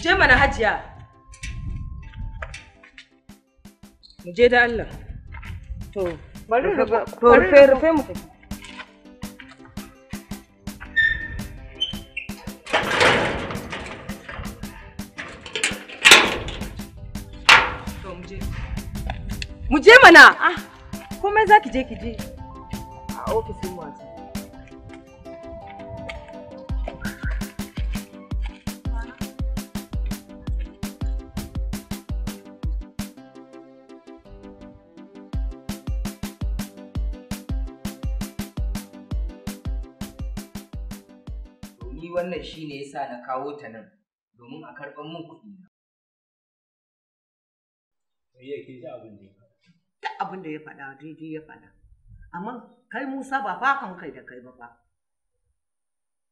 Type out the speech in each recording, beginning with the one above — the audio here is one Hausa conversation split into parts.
je mana hajiya mu je da Allah to bari to rufe rufe mu Mu je mana! Ah, komai za ki je ki je a ofisin wasu. kuɗi wannan ne yasa na kawo ta nan domin a karɓar mun kuɗi na. Iya ke abin da ya faɗa. Duk abin da ya faɗa daidai ya faɗa. Amma kai Musa ba fa kan kai da kai ba ba.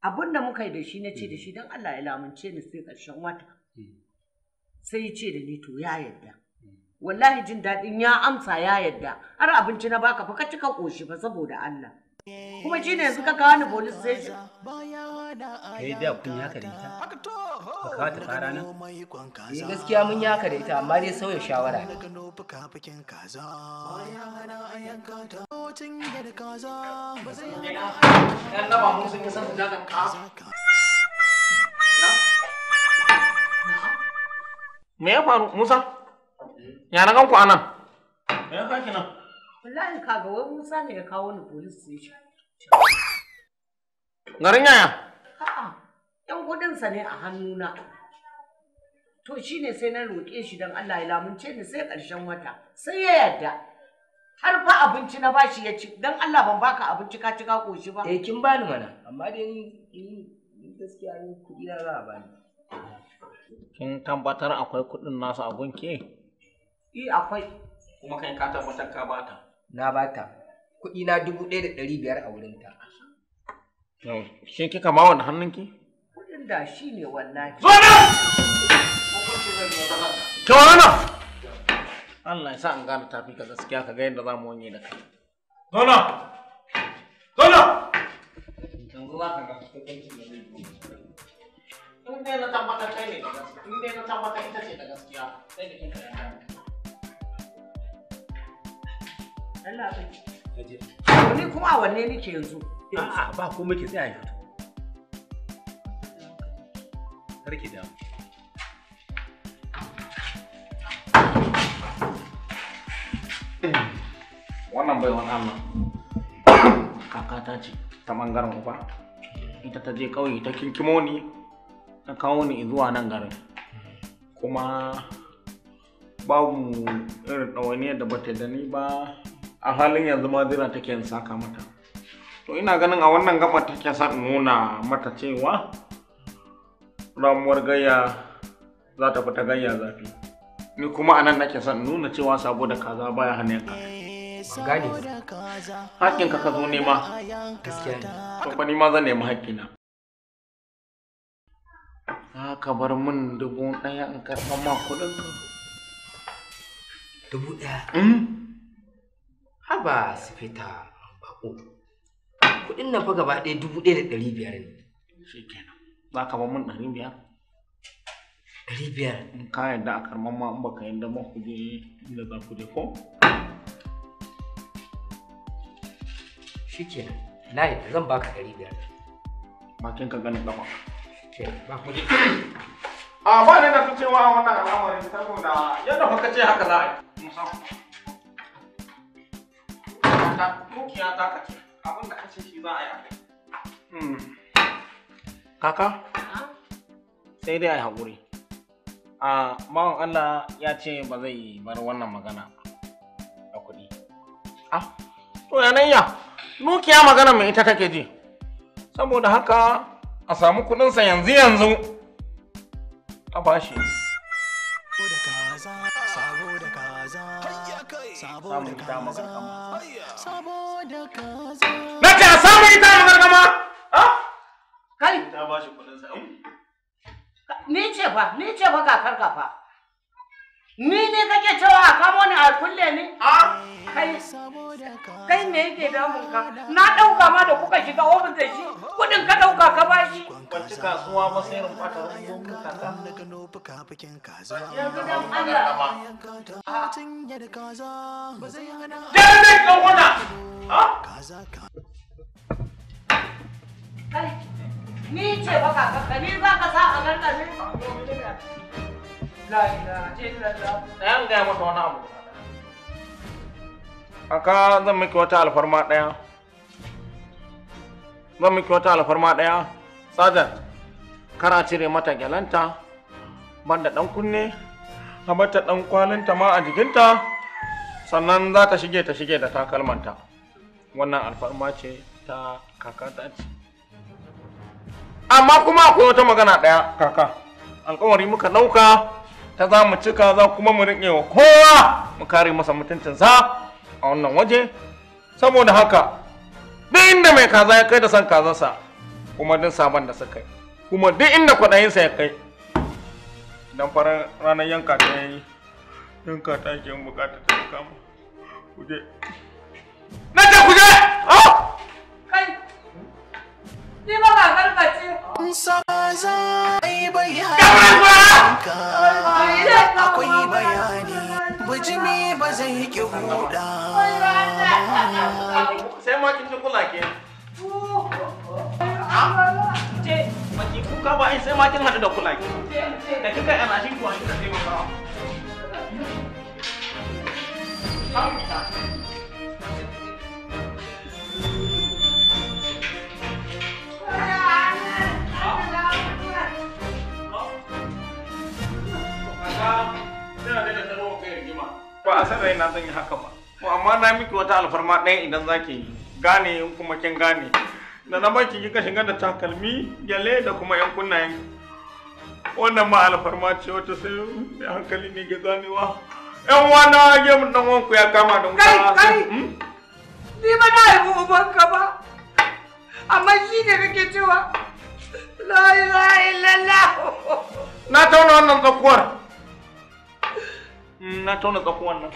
Abin da muka yi da shi na ce da shi don Allah ya lamunce ni sai ƙarshen wata. Hmm. Sai ya ce da ni to ya yadda. Hmm. Wallahi jin daɗin ya amsa ya yadda. har abinci na baka fa ka cika ƙoshi ba saboda Allah. Kuma shi ne yanzu ka kawo ni police station. kai da kun yaka da ita ba ka ta fara nan eh gaskiya mun yaka da ita amma dai sauya shawara na me ya faru musa ya na ganku anan me ya kaki nan wallahi kaga wai musa ne ya kawo ni police station garin yaya A'a, ‘yan kuɗinsa ne a hannuna. To shi ne sai na roƙe shi don Allah ya lamunce ni sai ƙarshen wata, sai ya yarda. Har fa abinci na bashi ya ci, don Allah ban baka abinci ka cika ƙoshi ba. Eh, kin bani mana, amma dai ni gaskiya ni kuɗi na za a bani. Kin tabbatar akwai kuɗin nasu a gunki? I akwai. Kuma kai ka tabbatar ka bata. Na bata. Kuɗi na dubu ɗaya da ɗari biyar a wurinta. Shi kika ma wani hannunki? Kudin da shi ne wallahi. Zo nan! Ka wani Allah ya sa an gane tafi ka gaskiya ka ga yadda za mu wanye da kai. Zo nan! Zo nan! Yanzu za ka ga hukuncin da zai yi. In dai na tabbatar kai ne da gaskiya, in dai na tabbatar ita ce da gaskiya, sai da kinka ya Allah Ni kuma wanne nake yanzu? A'a ba ko muke tsaya Karki Wannan bai wani kaka ta ce ta bangaren uba. Ita ta je ƙauye ta kinkimo ni ta kawo ni zuwa nan garin. Kuma babu irin ɗawainiyar da bata da ni ba a halin yanzu ma zira take yin saka mata to ina ganin a wannan gaba take sa nuna mata cewa ramuwar gayya za ta fita gayya zafi ni kuma a nan nake son nuna cewa sabo da kaza baya hannun ka gane hakkin ka ka zo nema gaskiya ne to fa ni ma zan nemi hakkina za ka bar min dubu ɗaya in karɓa ma kuɗin dubu ɗaya hmm? haba su fita bako kuɗin nan fa gaba ɗaya dubu ɗaya da ɗari biyar ne shi kenan za ka ba mun ɗari biyar ɗari biyar in ka yarda a karɓar ma in baka yarda ma ku je inda za ku je ko shi kenan na yarda zan baka ɗari biyar bakin ka ganin ƙafa ba ku je a ba ne da cewa wannan al'amarin saboda yadda kuka ce haka za a yi Hmm. kaka sai dai a yi haƙuri a mawan allah ya ce ba zai bar wannan magana a kuɗi ah to ya, nukiya magana mai ita take ji saboda haka a samu kuɗinsa yanzu yanzu a bashi samun ita magargama na ah! ce a samun ita kai ta ba shi kudin sa ni ce fa ni ce fa kakar ka fa Ni ne kake cewa a kamo ni a kulle ni? A kai kai me yake damun ka? Na dauka ma da kuka shiga ofis da shi kudin ka dauka ka bashi. kasuwa ba sai rin fata ni ce baka kakka ni za ka sa a garkashin. aka zan miki wata alfarma daya zan miki wata alfarma kana cire mata gyalanta banda dan kunne a mata ɗan kwalinta ma a jikinta sannan za ta shige ta shige da takalmanta wannan alfarma ce ta kaka ta ce amma kuma akwai wata magana ɗaya kaka Alƙawari muka ɗauka ta za mu cika za kuma mu riƙe wa kowa mu kare masa sa a wannan waje saboda haka duk inda mai kaza ya kai da san kazansa kuma duk sabon da suka yi kuma duk inda kwaɗayinsa ya kai idan farar ranar yanka ta yi yanka ta ke bukatar ta kama kuje na ce kuje ke ah, ah, ce baki kuka ba in sai hadu da kula ki da kika kuwa shi da zai Ba a sanar na zan yi haka ba, amma na miki wata alfarma ɗaya idan za ki yi. gane in kuma kin gane da na baki kika shiga da takalmi gyale da kuma yan kunnayen wannan ma alfarma ce wata sai mai hankali ne ga ganewa yan wana ya mun dan wanku ya kama da wuta kai kai hmm? ni ba na yi ubanka ba amma shi ne kake cewa la ilaha illallah na tauna wannan tsakuwar hmm, na tauna tsakuwar nan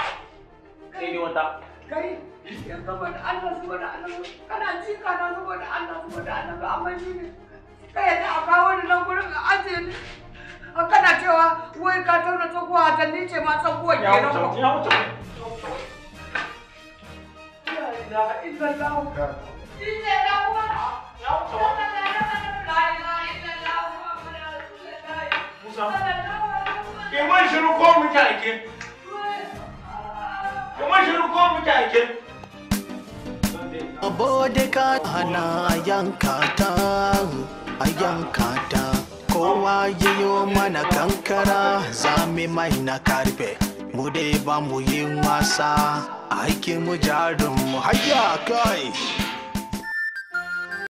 sai ni wata kai yanzu saboda Allah saboda Allah kana ci kana saboda Allah saboda Allah amma shi ne kai a kawo ni nan gurin a ni a kana cewa wai ka tauna kuwa a tanni ce ma tsohuwa ke nan ba. Ya wuce ya wuce. ka hana a yanka ta a kowa yiyo mana kankara zami mai na karfe mu dai ba mu yi wasa aikin mu jarin mu hayya kai